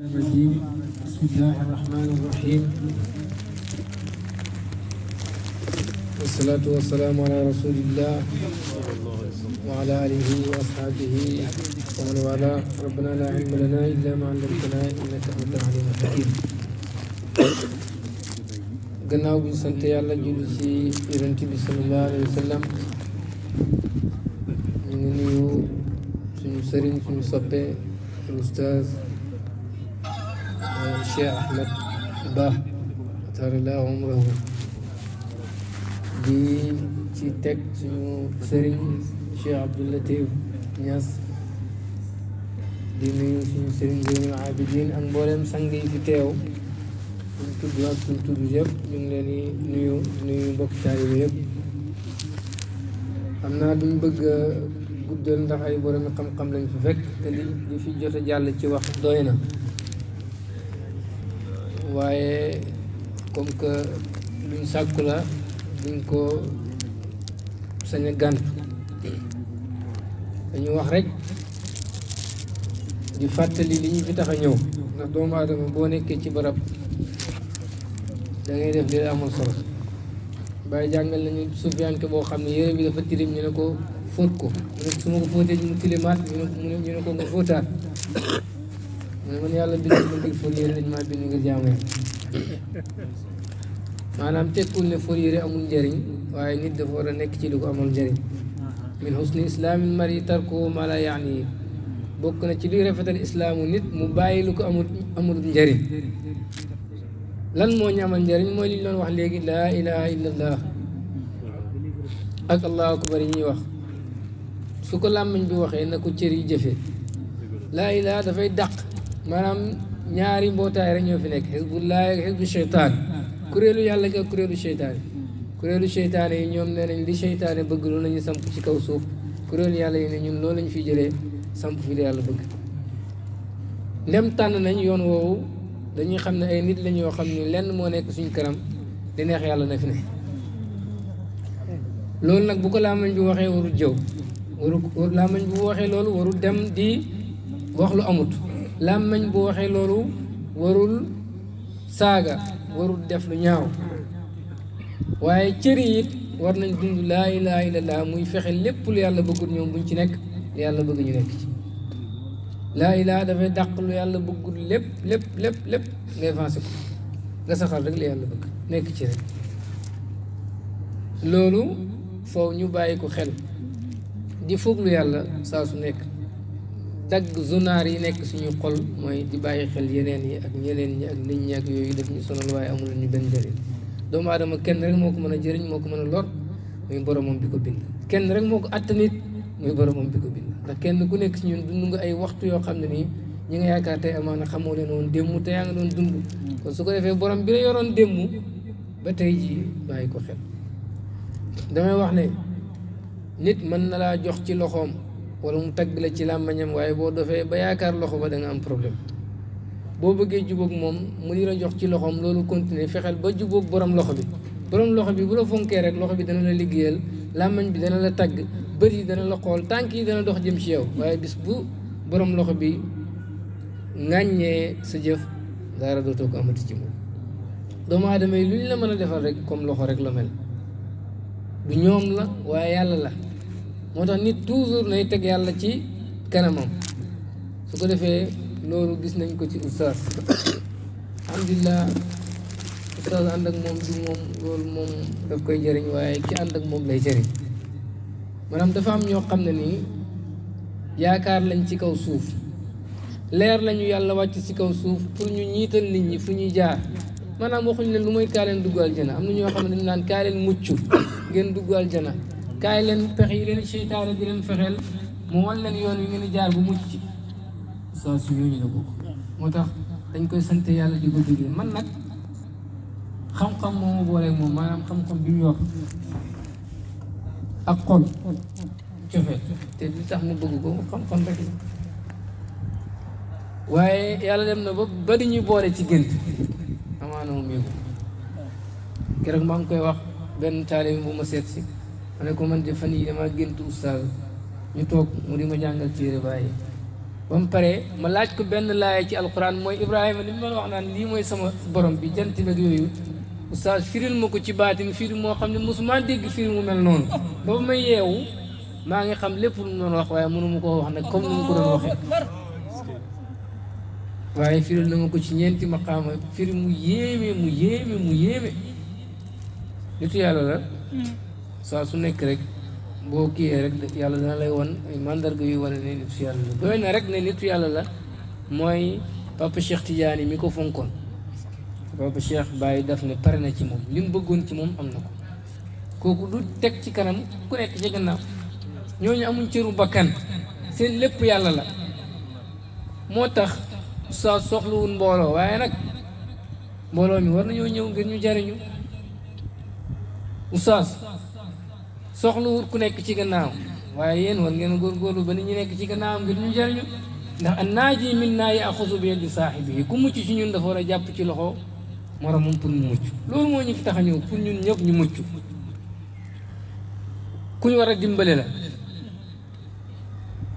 الرجيم بسم الله الرحمن الرحيم والصلاة والسلام على رسول الله وعلى آله وأصحابه ومن والاه ربنا لا علم لنا إلا ما علمتنا إنك أنت العليم الحكيم gannaaw bu ñu sant yàlla julli ci yonent bi sallallahu alayhi wa sallam ñu ngi nuyu suñu sëriñ suñu soppe oustaz Cheikh Ahmed Ba atarallahu umrahu di ci teg suñu sëriñ Cheikh Abdou Latif Niass di nuyu suñu sëriñ Zeynul Abidin ak mboolem sang yi fi teew suñ tudd ak suñ yëpp ñu ngi leen di nuyu nuyu mbokki taalibe yëpp xam naa duñ bëgg guddal ndax ay borom xam-xam lañ fi fekk te li fi jot a jàll ci wax doy na waaye comme que luñ bin la ko sañ a gànt dañu wax rek di fàttali li ñu fi tax a ñëw ndax doomu aadama boo nekkee ci barab da ngay def li la amoon solo bàyyi jàngal nañu sufiyanke boo bi dafa ñu ne ko fóot ko mu ne ko fóotee ñu ñu ñu ko nga fóotaat من يالا بيجي بيجي فريرة أنا بيني كجامعه أنا نام تكون أنا أمون جرين أنا نيد فورا أنا لقى أمون أنا من حسن أنا المري تركو أنا لا يعني أنا تشيلي رفت أنا ونيت موبايل أنا أمون أمون أنا لن مو أنا جرين مو أنا لا إله أنا الله أك أنا أكبر إني أنا سكلام من أنا خير نكو أنا جفه لا أنا دفعي دق maanaam ñaari mbootaay rek ñoo fi nekk xisbullah ak xisbu cheytaan ah, ah, ah. kuréelu yàlla gi kuréelu cheytaan hmm. kuréelu cheytaan yi ñoom nee nañ li cheytaan bëgg loolu la samp ci kaw suuf kuréelu yàlla yi ñun loolu la fiy jëlee samp fi la yàlla bëgg ndem nañ yoon woowu dañuy xam ne nit la ñoo xam ne lenn moo nekk suñu kanam di yàlla na ne loolu nag bu ko laamañ bi waxee warul jëw warul laamañ bu waxee loolu warul dem di wax lu amut làmmañ bu waxee loolu warul saaga warul def lu ñaaw waaye cëri it war nañ dund laa ilaha illallah muy fexe lépp lu yàlla bëggul ñoom buñ ci nekk lu yàlla bëgg ñu nekk ci laa ilaha dafay dàq lu yàlla bëggul lépp lépp lépp lépp ngay avancé saxal rek lu yàlla bëgg nekk ci loolu foofu ñu bàyyi ko xel di foog lu yàlla saa su nekk dagg zunaar yi nekk suñu xol mooy di bàyyi xel yeneen yi ak ñeneen ñi ak nit ñi ak yooyu def ñu sonal waaye amul ñu benn njëriñ doomu aadama kenn rek moo ko mën a jëriñ moo ko mën a lor muy boromam bi ko bind kenn rek moo ko attanit muy boromam bi ko bind ndax kenn ku nekk si ñun dund ay waxtu yoo xam ne nii ñi nga yaakaar tey amaana xamoo leen woon démb te yaa ngi doon su ko defee borom bi yoroon démb tey jii bàyyi ko xel wax ne nit mën na laa jox ci loxoom wala mu tagg la ci làmmañam waaye boo defee ba yaakaar loxo ba danga am problème boo bëggee jubóog moom mu di la jox ci loxoom loolu continuer fexeel ba jubóog borom loxo bi borom loxo bi bu la fonkee rek loxo bi dana la liggéeyal làmmañ bi dana la tagg bët yi dana la xool tànk yi dana dox jëm ci yow waaye bis bu boroom loxo bi ŋàññee sa jëf dara dootoo ko amati ci moom doomu aadama yi lu ñu la mën a defal rek comme loxo rek la mel du ñoom la waaye yàlla la moo tax nit toujours nay teg yàlla ci kanamam su ko defee loolu gis nañ ko ci ustaas alhamdulilah ustaas ànd ak moom du moom loolu moom daf koy jëriñ waaye ki ànd ak moom lay jëriñ maanaam dafa am ñoo xam ne ni yaakaar lañ ci kaw suuf leer lañu yàlla wàcc ci kaw suuf pour ñu ñiital nit ñi fu ñuy jaar maanaam waxuñ leen lu mooy kaa leen dugg aljana am na ñoo xam ne dañ naan kaa leen mucc ngeen dugg aljana kaay leen pexe yi leen seytaane di leen fexeel mu wan leen yoon wi ngeen di jaar bu mucc saa su ñooñu la bokk moo tax dañ koy sant yàlla di ko déggee man nag xam-xam moo ma booleeg moom maanaam xam-xam bi mu yor ak xol bëgg ko xam rek la waaye yàlla dem na ba bari ñu boole ci gént amaana moom yëgu keroog maa ngi koy wax benn taalim bu ma seet si ma ne ko man de fan yii damaa gént ustaaz ñu toog mu di ma jàngal téere bàyyi ba mu paree ma laaj ko benn laaya ci alquran mooy Ibrahima li ma wax naan lii mooy sama borom bi jant beeg yooyu ustaaz firil ma ko ci baatin firi moo xam ne mosuma dégg firi mu mel noonu boobu may yeewu maa ngi xam lépp lu wax waaye mënu ma koo wax nag comme ni mu ko doon waxee. waaye firil na ma ko ci ñeenti maqaama firi mu yéeme mu yéeme mu yéeme nitu yàlla la. Hmm. saa su nekk rek yala kiiyee rek yàlla dana lay won ay mandarga yu wane ne nitu yàlla la doy na rek ne nitu yàlla la mooy papa Cheikh Tidiane mi ko fonkoon papa Cheikh Baye daf ne pare na ci moom li mu bëggoon ci moom am na ko kooku du teg ci kanam ku nekk ci gannaaw ñooñu amuñ cëru bakkan seen lépp yàlla la moo tax saa soxluwul mbooloo waaye nag mbooloo mi war nañoo ñëw ngir ñu jariñu oustaz soxla wut ku nekk ci gannaaw waaye yéen war ngeen góorgóorlu ba ni ñu nekk ci gannaaw ngir ñu jariñu ndax an naaji min a yaxusu bi yadi saaxibihi ku mucc ci ñun dafa war a jàpp ci loxo moromam pour mu mucc loolu moo ñu fi tax a ñëw pour ñun ñëpp ñu mucc ku ñu war a dimbale la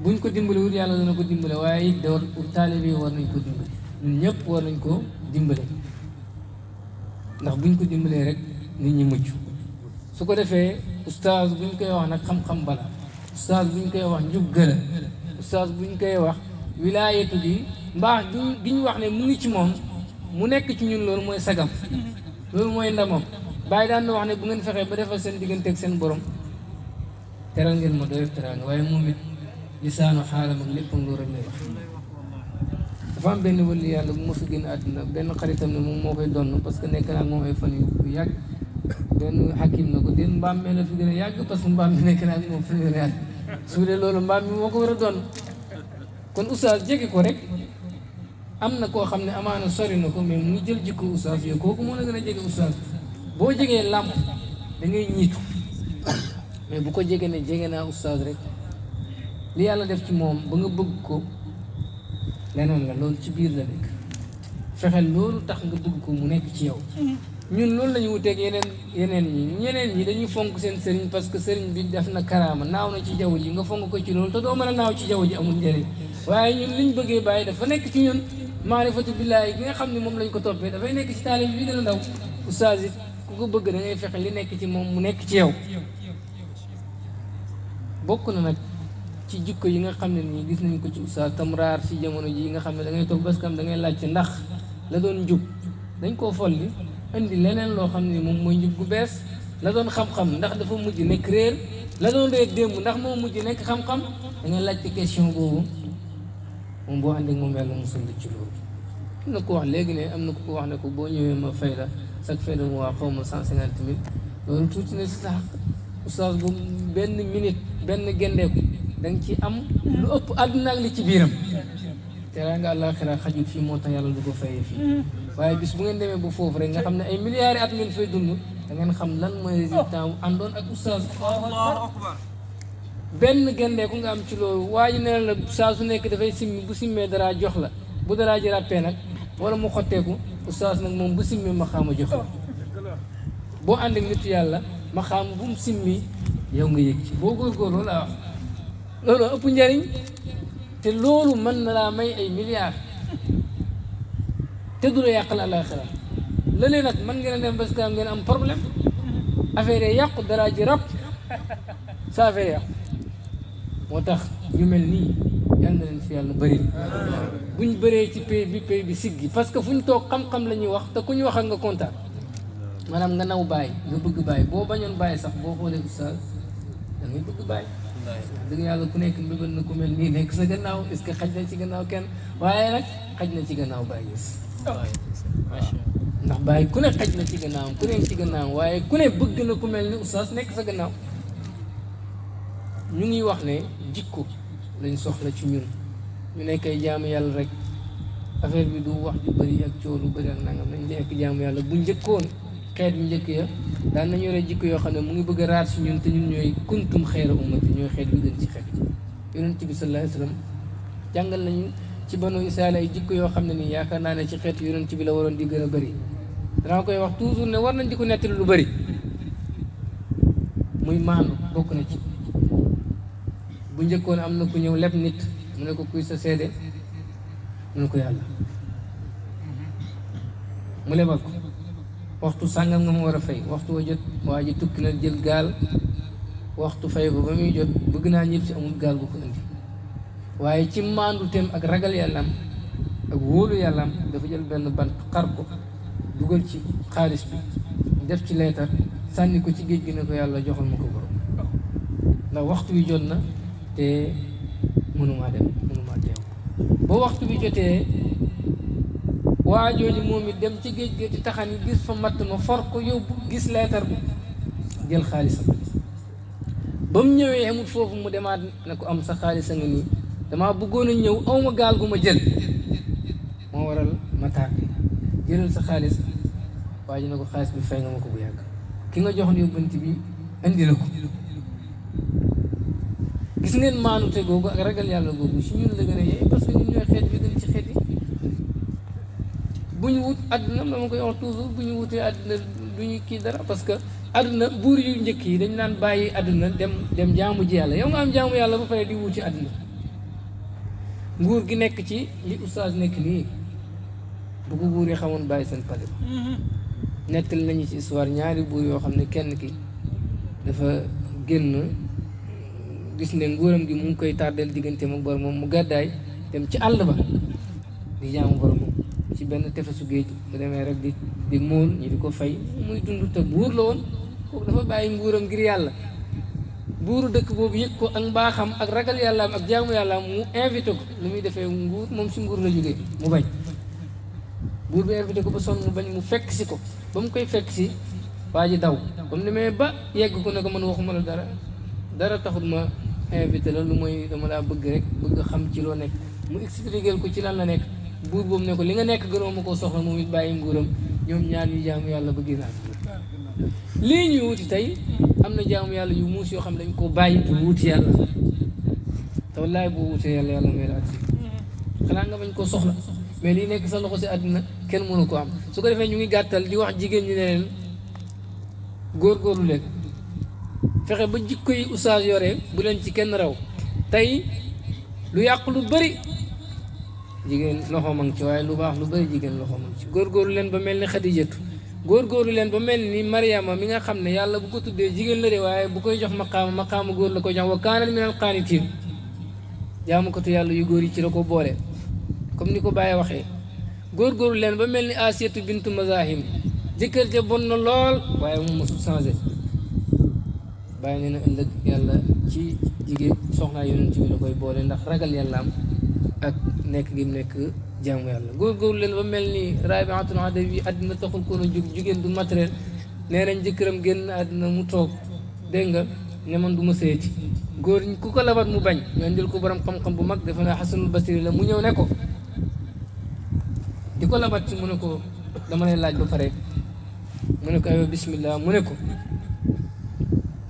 buñ ko dimbale wut yàlla dana ko dimbale waaye it da war war nañ koo dimbale ñun ñëpp war nañ koo dimbale ndax buñ ko dimbalee rek nit ñi mucc su ko defee ustaas buñ koy wax nag xam-xam bala ustaas buñ koy wax njub gëla ustaas buñ koy wax wilaayatu gi mbaax gi ñu wax ne mu ngi ci moom mu nekk ci ñun loolu mooy sagam loolu mooy ndamam bàyyi daan na wax ne bu ngeen fexee ba defal seen diggante ak seen borom teral ngeen moo doyof teraanga waaye moom it lisaanu xaalam ak léppam loolu rek lay wax dafa am benn wëlli yàlla bu ma fi génn àdduna benn xaritam ne moom moo koy donn parce que nekk naa moom ay fan yu yàgg benn xakim na ko déet mbaam mi na fi gën a yàgg parce que mbaam mi nekk na ak moom fi gën a yàgg su dee loolu mbaam mi moo ko war a doon kon oustaz jege ko rek am na koo xam ne amaana sori na ko mais mu jël jikko oustaz yooyu kooku moo la gën a jege oustaz boo jegee làmp da ngay ñiitu mais bu ko jege ne jege naa oustaz rek li yàlla def ci moom ba nga bëgg ko leneen la loolu ci biir la nekk fexeel loolu tax nga bëgg ko mu nekk ci yow ñun loolu la ñu wuteeg yeneen yeneen ñi ñeneen ñi dañuy fonk seen sëriñ parce que sëriñ bi def na karaama naaw na ci jaww ji nga fonk ko ci loolu te doo mën a naaw ci jaww ji amul njëriñ waaye ñun liñ bëggee bàyyi dafa nekk ci ñun maarifatu billaahi gi nga xam ne moom lañ ko toppee dafay nekk ci taalib bi gën a ndaw oustaz ku ko bëgg da ngay fexe li nekk ci moom mu nekk ci yow bokk na nag ci jikko yi nga xam ne nii gis nañ ko ci oustaz raar si jamono ji yi nga xam ne dangay ngay toog baskam da ngay laajte ndax la doon njub dañ koo folli indi leneen loo xam ne moom mooy njub gu bees la doon xam-xam ndax dafa mujj nekk réer la doon réer démb ndax moo mujj nekk xam-xam da nga laajte question boobu moom boo ànd ak moom yàlla mosul ci loolu. am na ko wax léegi ne am na ko wax ne ko boo ñëwee ma fay la sax fay la mu waa xaw ma cent cinquante mille loolu tuuti na si sa xaq oustaz bu benn minute benn gendeeku da ci am lu ëpp àdduna ak li ci biiram. te daa nga àllaaxira xajul fii moo tax du ko fayee fii. waaye bis bu ngeen demee ba foofu rek nga xam ne ay milliards at ngeen fay dund da ngeen xam lan mooy résultat wu àndoon ak oustaz benn gendeeku nga am ci loolu waa ji la saa su nekk dafay simmi bu simmee dara jox la bu dara ji ràppee nag wala mu xotteeku oustaz nag moom bu simmee ma xaama jox la boo ànd ak nitu yàlla ma bu mu simmi yow nga yëg ci boo góorgóorloo laa wax loolu ëpp njariñ te loolu mën na laa may ay milliar te du la yàqal alaxira léeg-léeg nag mën ngeen a dem bés kanam ngeen am problème affaire yi yàqu dara ji rab sa affaire yàqu moo tax ñu mel nii yal na leen fi yàlla bëri bu ñu bëree ci pay bi pay bi siggi parce que fu ñu toog xam-xam la ñuy wax te ku ñu wax ak nga kontaan maanaam nga naw bàyyi nga bëgg bàyyi boo bañoon bàyyi sax boo xoolee oustaz da ngay bëgg bàyyi dëgg yàlla ku nekk mbëbal na ku mel nii nekk sa gannaaw est ce que xaj na ci gannaaw kenn waaye nag xaj na ci gannaaw Baye Niass. Oh. ndax Baye ku ne xaj na ci gannaawam ku ne ci gannaawam waaye ku ne bëgg na ku mel ni oustaz nekk sa gannaaw ñu ngi wax ne jikko lañ soxla ci ñun ñu nekk ay jaamu yàlla rek affaire bi du wax ju bëri ak coow lu bëri ak nangam nañ nekk jaamu yàlla bu njëkkoon xeet yu njëkk ya daan nañu yore jikko yoo xam ne mu ngi bëgg a raar si ñun te ñun ñooy kuntum xeera ummati ñooy xeet yu gën ci xeet yonent bi sallallahu alayhi wa jàngal nañu. ci banu Israël ay jikk yoo xam ne nii yaakaar naa ne ci xeetu yonent bi la waroon di gën a bëri danaa koy wax toujours ne war nañ di ko nettali lu bëri muy maandu bokk na ci bu njëkkoon am na ku ñëw leb nit mu ne ko kuy sa seede mu ko yàlla mu lebal ko waxtu sàngam nga mu war a fay waxtu wa jot waa ji tukki na jël gaal waxtu fay ko ba muy jot bëgg naa ñëpp si amul gaal bu ko waaye ci tem ak ragal yàllaam ak wóolu yàllaam dafa jël benn bant xar ko dugal ci xaalis bi def ci leetar sànni ko ci géej gi ne ko yàlla joxal ma ko borom ndax waxtu wi jot na te mënumaa dem mënumaa teew ba waxtu bi jotee waajooji moom it dem ci géej gi taxan yi gis fa matt ma for ko yóbbu gis leetar bi jël xaalisam ba mu ñëwee amul foofu mu demaat ne ko am sa xaalis a nga nii damaa bëggoon a ñëw aw ma gaal gu ma jël moo waral ma jëlal sa xaalis waa ji na ko xaalis bi fay nga ma ko bu yàgg ki nga jox ni bi indi ko gis ngeen maanute googu ak ragal yàlla googu si ñun la gën a yee parce que ñun ñooy xeet bi gën ci xeet yi bu ñu wut àdduna dama koy wax toujours bu ñu wutee àdduna lu ñu kii dara parce que àdduna buur yu njëkk yi dañu naan bàyyi àdduna dem dem jaamu ji yàlla yow nga am jaamu yàlla ba fare di wut ci àdduna nguur gi nekk ci li oustaz nekk nii bu buur yi xamoon bàyyi seen pale mhm. nettali nañu ci histoire ñaari buur yoo xam ne kenn ki dafa génn gis ne nguuram gi mu ngi koy tardeel diggante mu bor moom mu gàddaay dem ci àll ba di jaamu bor moom ci benn tefesu géej bu demee rek di di móol ñi di ko fay muy dund te buur la woon kooku dafa bàyyi nguuram ngir yàlla buru dekk bobu yek ko ak mbaaxam ak ragal yalla ak jaamu yalla mu invité ko lu muy defee nguur mom ci nguur la jógee mu bañ buru bi invité ko ba son mu bañ mu fekk ci ko bam koy fekk ci waji daw ba mu ba yegg ko ne man waxuma la dara dara taxul ma invité la lu moy dama la bëgg rek bëgg xam ci lo nek mu expliquer ko ci lan la ne ko li nga nek gëno mako soxla mu it bàyyi nguuram ñaan yu jaamu yalla bëgg lii ñuy wuti tey am na jaamu yàlla yu muus yoo xam dañ koo bàyyi pour wuti yàlla te wallaay boo wutee yàlla yàlla may la at xanaa nga bañ koo soxla mais lii nekk sa loxo si àddina kenn mënu ko am su ko defee ñu ngi gàttal di wax jigéen ñi ne góorlu góorgóorlu leen fexe ba jikko yi oustaz yore bu leen ci kenn raw tey lu yàq lu bari jigéen loxo man ngi ci waaye lu baax lu bari jigéen loxo man ngi ci góorgóorlu leen ba mel ni xadijatu góorgóorlu leen ba mel ni mariama mi nga xam ne yàlla bu ko tuddee jigéen la de waaye bu koy jox maqaama maqaama góor la koy jox wa kaanat minal qaanitiin jaamukatu yàlla yu góor yi ci la ko boole comme ni ko Baye waxee góorgóorlu leen ba mel ni asiyatu bintu mazahim jëkkër ja bon na lool waaye moom mosul changé bàyyi nee na ëllëg yàlla ci jigéen soxnaa yonent bi la koy boole ndax ragal yàlla am ak nekk gi mu nekk jaamu yàlla góorgóorlu leen ba mel nii Rabi'atul Adawi àddina taxul koon a jóg jigéen du matériel nee nañ jëkkëram génn àddina mu toog dégg nga ne man du ma seeti góor ñi ku ko labat mu bañ ñu andil ko borom xam-xam bu mag defe naa Xasanul Basiri la mu ñëw ne ko di ko labat ci mu ne ko dama lay laaj ba pare mu ne ko aywa bismillah mu ne ko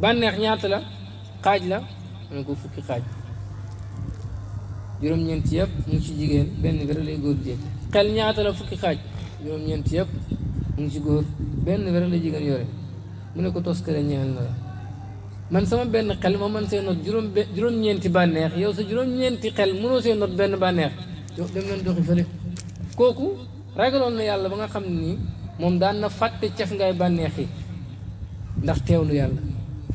bànneex ñaata la xaaj la mu ne ko fukki xaaj juróom-ñeent yëpp mu ngi ci jigéen benn bi rek góor jël xel ñaata la fukki xaaj juróom ñeenti yëpp mu ngi ci góor benn bi rek la jigéen yore mu ne ko toskare ñeexal na la man sama benn xel ma man see not juróom juróom-ñeenti bànneex yow sa juróom-ñeenti xel mënoo see not benn bànneex dem leen doxi fële kooku ragaloon na yàlla ba nga xam ni moom daan na fàtte cef ngay bànneex yi ndax teewlu yàlla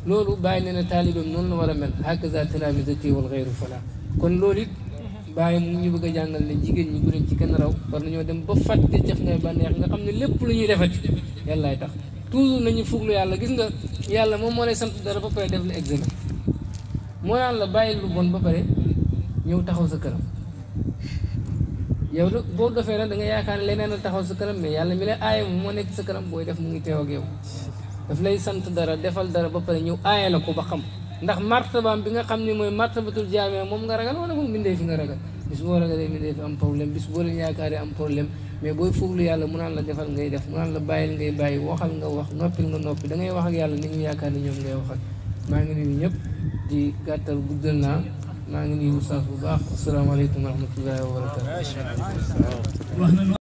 loolu bàyyi ne na taalibeem noonu la war a mel hakaza tanaamisati wal bàyyi mu ñu bëgg a jàngal ne jigéen ñi bu ci kenn raw war nañoo dem ba fàtte jëf ngay bànneex nga xam ne lépp lu ñuy defati yàllaay tax toujours nañu fuglu yàlla gis nga yàlla moom moo lay sant dara ba pare def la examen moo naan la bàyyi lu bon ba pare ñëw taxaw sa kanam yow de boo defee nag da nga yaakaar ne leneen taxaw sa kanam mais yàlla mi lay aaye moom moo nekk sa kanam booy def mu ngi teew ak yow daf lay sant dara defal dara ba pare ñëw aaye la ko ba xam ndax martabaam bi nga xam ne mooy martabatul jaamee moom nga ragal wala moom bindee fi nga ragal bis boo ragalee bindee fi am problème bis boo leen yaakaaree am problème mais booy fooglu yàlla mu naan la defal ngay def mu naan la bàyyil ngay bàyyi waxal nga wax noppil nga noppi da ngay wax ak yàlla ni ñu yaakaar ne ñoom ngay waxal maa ngi nuyu ñëpp di gàttal guddal naa maa ngi nuyu oustaz bu baax asalaamaaleykum wa rahmatullahi wa barakatu